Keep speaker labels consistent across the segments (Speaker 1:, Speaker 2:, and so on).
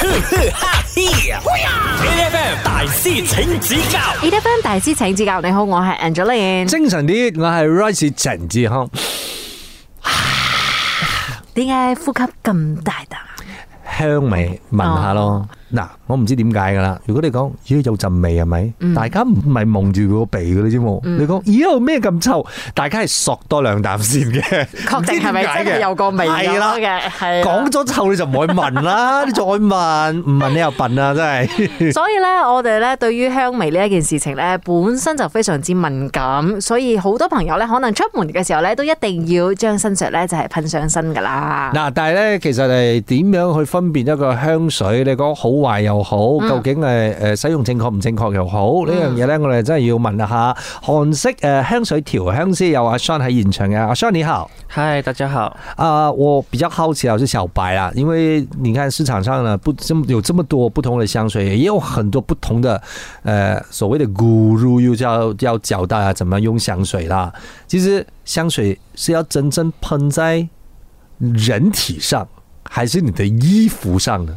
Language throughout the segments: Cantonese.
Speaker 1: 呵呵，哈氣呀！A. F. M. 大師請指
Speaker 2: 教，A. F. M. 大師請指教。你好，我係 Angeline，精神啲，我係 Rice 陳志康。點解 呼吸咁大啖？
Speaker 1: 香味聞下咯。Oh. 嗱、啊，我唔知點解噶啦。如果你講，咦有陣味係咪？是不是嗯、大家唔係蒙住佢個鼻嗰你知喎。嗯、你講，咦咩咁臭？大家係索多兩啖先嘅，確定係咪真係有個味？係啦，係講咗臭你就唔會聞啦。 你再問，唔問你又笨啦，真係。所
Speaker 2: 以咧，我哋咧對於香味呢一件事情咧，本身就非常之敏感，所以好多朋友咧可能出門嘅時候咧，都一定要將身上咧就係噴上身噶啦。
Speaker 1: 嗱，但係咧其實係點樣去分辨一個香水？你講好。壞又好，究竟誒誒使用正確唔正確又好呢樣嘢咧？我哋、嗯、真係要問下韓式誒香水調香師有阿 Shawn 喺現場嘅。阿 Shawn 你好，嗨大家好啊、呃！我比較好奇啊，就小白啦，因為你看市場上呢，不這麼有這麼多不同的香水，也有很多不同的誒、呃、所謂的 guru，又教教教大家怎麼用香水啦。其實香水是要真正噴在人體上，還是你的衣服上呢？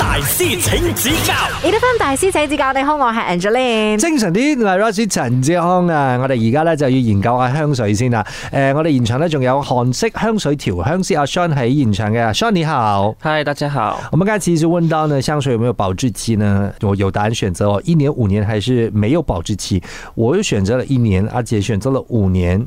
Speaker 2: 大師請指，指
Speaker 1: 教，A. F. M. 大師請指教。你好，我係 Angelina。精神啲係 Rosie 陳志康啊，我哋而家咧就要研究下香水先啦。誒、呃，我哋現場呢，仲有韓式香水調香師阿、啊、Shawn 喺現場嘅，Shawn 你好，嗨大家好。我們剛才其實問到呢，香水有沒有保質期呢？我有答案選擇哦，一年、五年還是沒有保質期？我又選擇了一年，阿、啊、姐選擇了五年。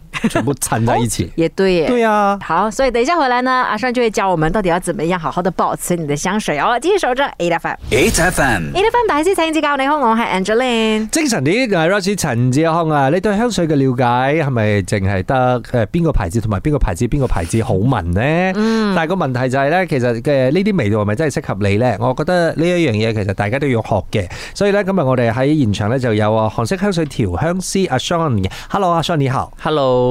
Speaker 1: 全部摻在一起， 也
Speaker 2: 對耶，對啊。好，所以等一下回來呢，阿 Shawn 就會教我們到底要怎麼樣好好的保持你的香水哦。繼續收住，eight
Speaker 1: FM，eight FM，eight
Speaker 2: FM 大師請指教，你好，我係 Angelina。
Speaker 1: 精神啲，同 Ross 陳志康啊，你對香水嘅了解係咪淨係得誒邊個牌子同埋邊個牌子邊個牌子好聞呢？嗯，但係個問題就係、是、咧，其實嘅呢啲味道係咪真係適合你咧？我覺得呢一樣嘢其實大家都要學嘅。所以咧今日我哋喺現場咧就有啊韓式香水調香師阿 Shawn 嘅，Hello 阿 Shawn 你好，Hello。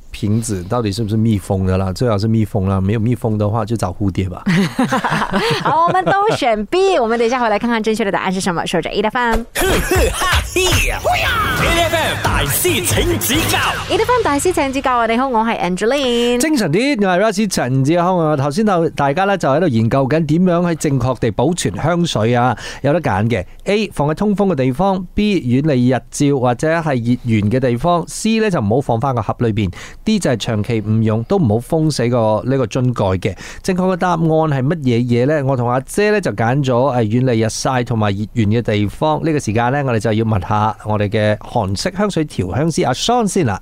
Speaker 1: 瓶子到底是不是密封的啦？最好是密封啦，沒有密封的話就找蝴蝶吧。
Speaker 2: 好，我們都選 B。 我們等下回來看看正確的答案是什麼。收咗 E 的番。 E 的番大師請指教。E 的番大師請指教。你好，我係 Angeline。
Speaker 1: 精神啲又係 Russell 陳志康。頭先就大家咧就喺度研究緊點樣喺正確地保存香水啊。有得揀嘅 A 放喺通風嘅地方，B 遠離日照或者係熱源嘅地方，C 咧就唔好放翻個盒裏邊。啲就係長期唔用都唔好封死個呢個樽蓋嘅。正確嘅答案係乜嘢嘢呢？我同阿姐咧就揀咗誒遠離日曬同埋熱源嘅地方。呢個時間呢，我哋就要問下我哋嘅韓式香水調香師阿 Shawn 先啦。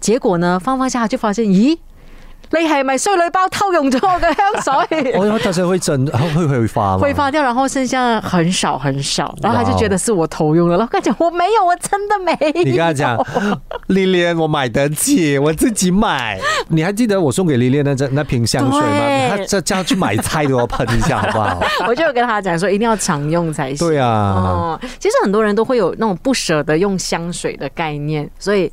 Speaker 2: 結果呢，放放下就發現，咦，你係咪衰女包偷用咗我嘅香水？我，但
Speaker 1: 是佢陣佢會會化嘛？會揮
Speaker 2: 發掉，然後剩下很少很少，然後他就覺得是我偷用咗。我講，我沒有，我真的沒有。你跟他講
Speaker 1: ，Lilian，我買得起，我自己買。你還記得我送給 Lilian 那支那瓶香水嗎？ 他叫他去買菜都要噴一下，好不好？
Speaker 2: 我就跟他講，說一定要常用才行。對啊，哦，其實很多人都會有那種不捨得用香水的概念，所以。